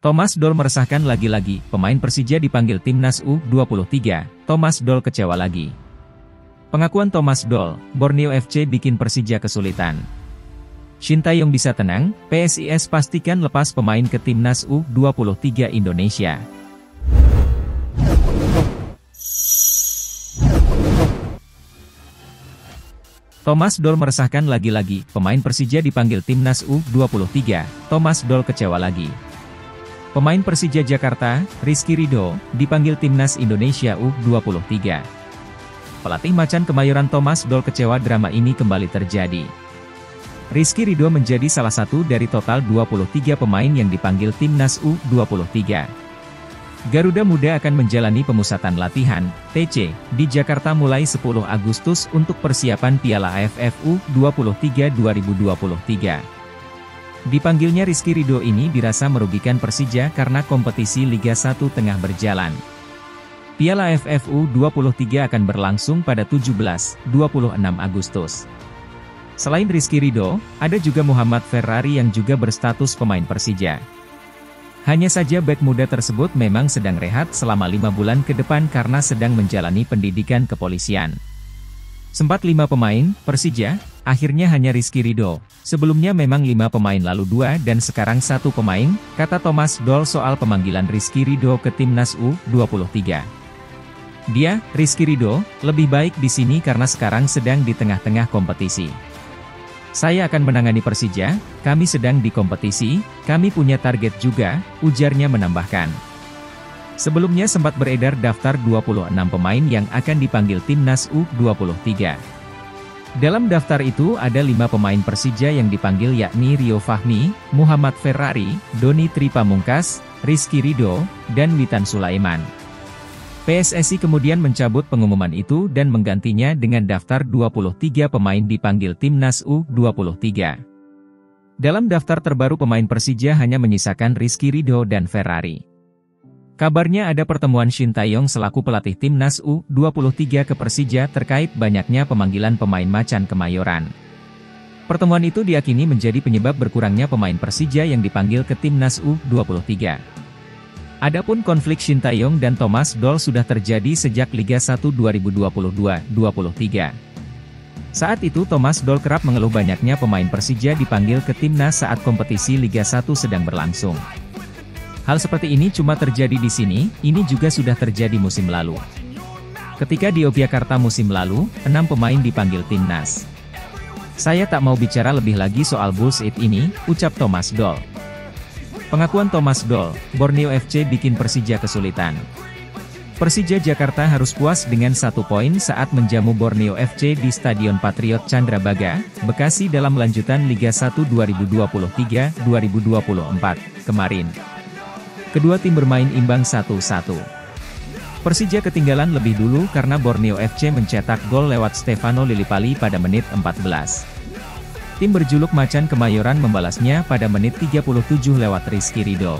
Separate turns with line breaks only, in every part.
Thomas Doll meresahkan lagi-lagi, pemain Persija dipanggil timnas U23, Thomas Doll kecewa lagi. Pengakuan Thomas Doll, Borneo FC bikin Persija kesulitan. Tae-yong bisa tenang, PSIS pastikan lepas pemain ke timnas U23 Indonesia. Thomas Doll meresahkan lagi-lagi, pemain Persija dipanggil timnas U23, Thomas Doll kecewa lagi. Pemain Persija Jakarta, Rizky Rido, dipanggil Timnas Indonesia U23. Pelatih Macan Kemayoran Thomas Dol kecewa drama ini kembali terjadi. Rizky Rido menjadi salah satu dari total 23 pemain yang dipanggil Timnas U23. Garuda Muda akan menjalani pemusatan latihan, TC, di Jakarta mulai 10 Agustus untuk persiapan Piala AFF U23 2023. Dipanggilnya Rizky Ridho ini dirasa merugikan Persija karena kompetisi Liga 1 tengah berjalan. Piala FFU 23 akan berlangsung pada 17-26 Agustus. Selain Rizky Ridho, ada juga Muhammad Ferrari yang juga berstatus pemain Persija. Hanya saja bek muda tersebut memang sedang rehat selama lima bulan ke depan karena sedang menjalani pendidikan kepolisian. Sempat lima pemain, Persija, akhirnya hanya Rizky Ridho. Sebelumnya memang lima pemain lalu dua dan sekarang satu pemain, kata Thomas Doll soal pemanggilan Rizky Ridho ke Timnas U23. Dia, Rizky Ridho, lebih baik di sini karena sekarang sedang di tengah-tengah kompetisi. Saya akan menangani Persija, kami sedang di kompetisi, kami punya target juga, ujarnya menambahkan. Sebelumnya sempat beredar daftar 26 pemain yang akan dipanggil timnas U23. Dalam daftar itu ada lima pemain Persija yang dipanggil yakni Rio Fahmi, Muhammad Ferrari, Doni Tripamungkas, Rizky Rido, dan Witan Sulaiman. PSSI kemudian mencabut pengumuman itu dan menggantinya dengan daftar 23 pemain dipanggil Timnas U23. Dalam daftar terbaru pemain Persija hanya menyisakan Rizky Rido dan Ferrari. Kabarnya ada pertemuan Shin Taeyong selaku pelatih timnas U23 ke Persija terkait banyaknya pemanggilan pemain Macan Kemayoran. Pertemuan itu diakini menjadi penyebab berkurangnya pemain Persija yang dipanggil ke timnas U23. Adapun konflik Shin Taeyong dan Thomas Doll sudah terjadi sejak Liga 1 2022-23. Saat itu Thomas Doll kerap mengeluh banyaknya pemain Persija dipanggil ke timnas saat kompetisi Liga 1 sedang berlangsung. Hal seperti ini cuma terjadi di sini, ini juga sudah terjadi musim lalu. Ketika di Yogyakarta musim lalu, enam pemain dipanggil timnas. Saya tak mau bicara lebih lagi soal bullshit ini, ucap Thomas Doll. Pengakuan Thomas Doll, Borneo FC bikin Persija kesulitan. Persija Jakarta harus puas dengan satu poin saat menjamu Borneo FC di Stadion Patriot Chandrabaga, Bekasi dalam lanjutan Liga 1 2023-2024 kemarin. Kedua tim bermain imbang 1-1. Persija ketinggalan lebih dulu karena Borneo FC mencetak gol lewat Stefano Lillipali pada menit 14. Tim berjuluk Macan Kemayoran membalasnya pada menit 37 lewat Rizky Ridho.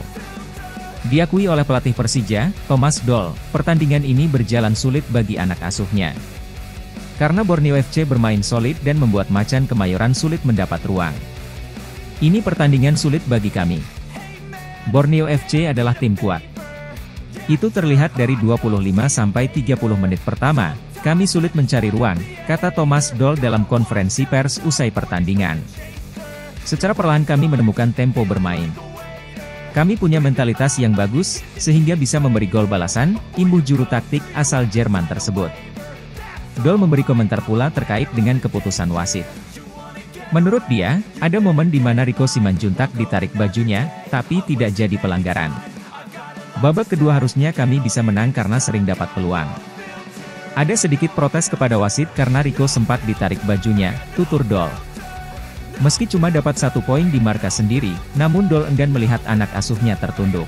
Diakui oleh pelatih Persija, Thomas Doll, pertandingan ini berjalan sulit bagi anak asuhnya. Karena Borneo FC bermain solid dan membuat Macan Kemayoran sulit mendapat ruang. Ini pertandingan sulit bagi kami, Borneo FC adalah tim kuat. Itu terlihat dari 25-30 menit pertama, kami sulit mencari ruang, kata Thomas Doll dalam konferensi pers usai pertandingan. Secara perlahan kami menemukan tempo bermain. Kami punya mentalitas yang bagus, sehingga bisa memberi gol balasan, imbuh juru taktik asal Jerman tersebut. Doll memberi komentar pula terkait dengan keputusan wasit. Menurut dia, ada momen di mana Riko Simanjuntak ditarik bajunya, tapi tidak jadi pelanggaran. Babak kedua harusnya kami bisa menang karena sering dapat peluang. Ada sedikit protes kepada wasit karena Riko sempat ditarik bajunya, tutur Dol. Meski cuma dapat satu poin di markas sendiri, namun Dol enggan melihat anak asuhnya tertunduk.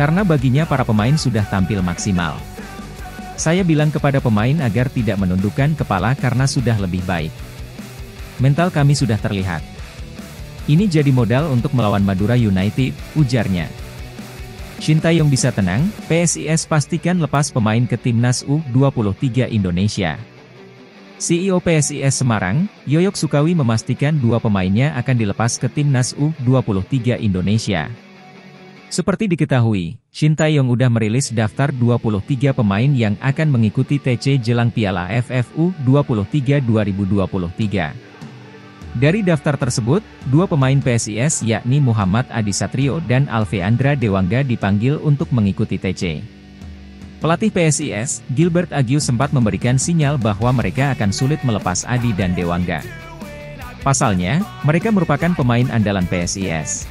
Karena baginya para pemain sudah tampil maksimal. Saya bilang kepada pemain agar tidak menundukkan kepala karena sudah lebih baik. Mental kami sudah terlihat. Ini jadi modal untuk melawan Madura United, ujarnya. Shin Taeyong bisa tenang, PSIS pastikan lepas pemain ke timnas U23 Indonesia. CEO PSIS Semarang, Yoyok Sukawi memastikan dua pemainnya akan dilepas ke timnas U23 Indonesia. Seperti diketahui, Shin Taeyong udah merilis daftar 23 pemain yang akan mengikuti TC jelang Piala AFF U23 2023. Dari daftar tersebut, dua pemain PSIS yakni Muhammad Adi Satrio dan Alveandra Dewangga dipanggil untuk mengikuti TC. Pelatih PSIS, Gilbert Agius sempat memberikan sinyal bahwa mereka akan sulit melepas Adi dan Dewangga. Pasalnya, mereka merupakan pemain andalan PSIS.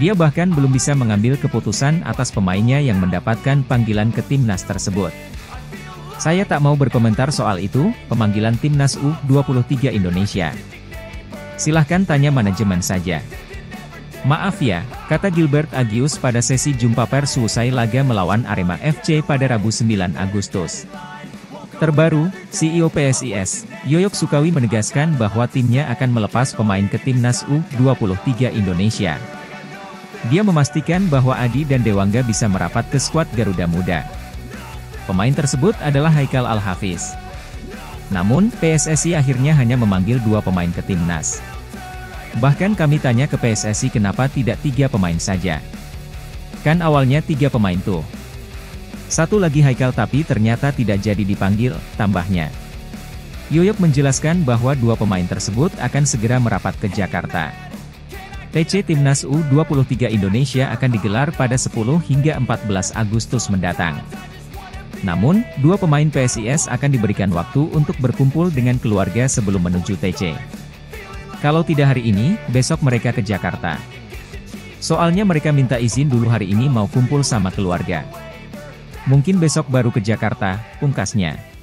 Dia bahkan belum bisa mengambil keputusan atas pemainnya yang mendapatkan panggilan ke timnas tersebut. Saya tak mau berkomentar soal itu, pemanggilan timnas U23 Indonesia. Silahkan tanya manajemen saja. Maaf ya, kata Gilbert Agius pada sesi jumpa pers usai laga melawan Arema FC pada Rabu 9 Agustus. Terbaru, CEO PSIS, Yoyok Sukawi menegaskan bahwa timnya akan melepas pemain ke timnas U23 Indonesia. Dia memastikan bahwa Adi dan Dewangga bisa merapat ke skuad Garuda Muda. Pemain tersebut adalah Haikal Al-Hafiz. Namun, PSSI akhirnya hanya memanggil dua pemain ke timnas. Bahkan kami tanya ke PSSI kenapa tidak tiga pemain saja. Kan awalnya tiga pemain tuh. Satu lagi Haikal tapi ternyata tidak jadi dipanggil, tambahnya. Yoyok menjelaskan bahwa dua pemain tersebut akan segera merapat ke Jakarta. TC Timnas U23 Indonesia akan digelar pada 10 hingga 14 Agustus mendatang. Namun, dua pemain PSIS akan diberikan waktu untuk berkumpul dengan keluarga sebelum menuju TC. Kalau tidak hari ini, besok mereka ke Jakarta. Soalnya mereka minta izin dulu hari ini mau kumpul sama keluarga. Mungkin besok baru ke Jakarta, pungkasnya.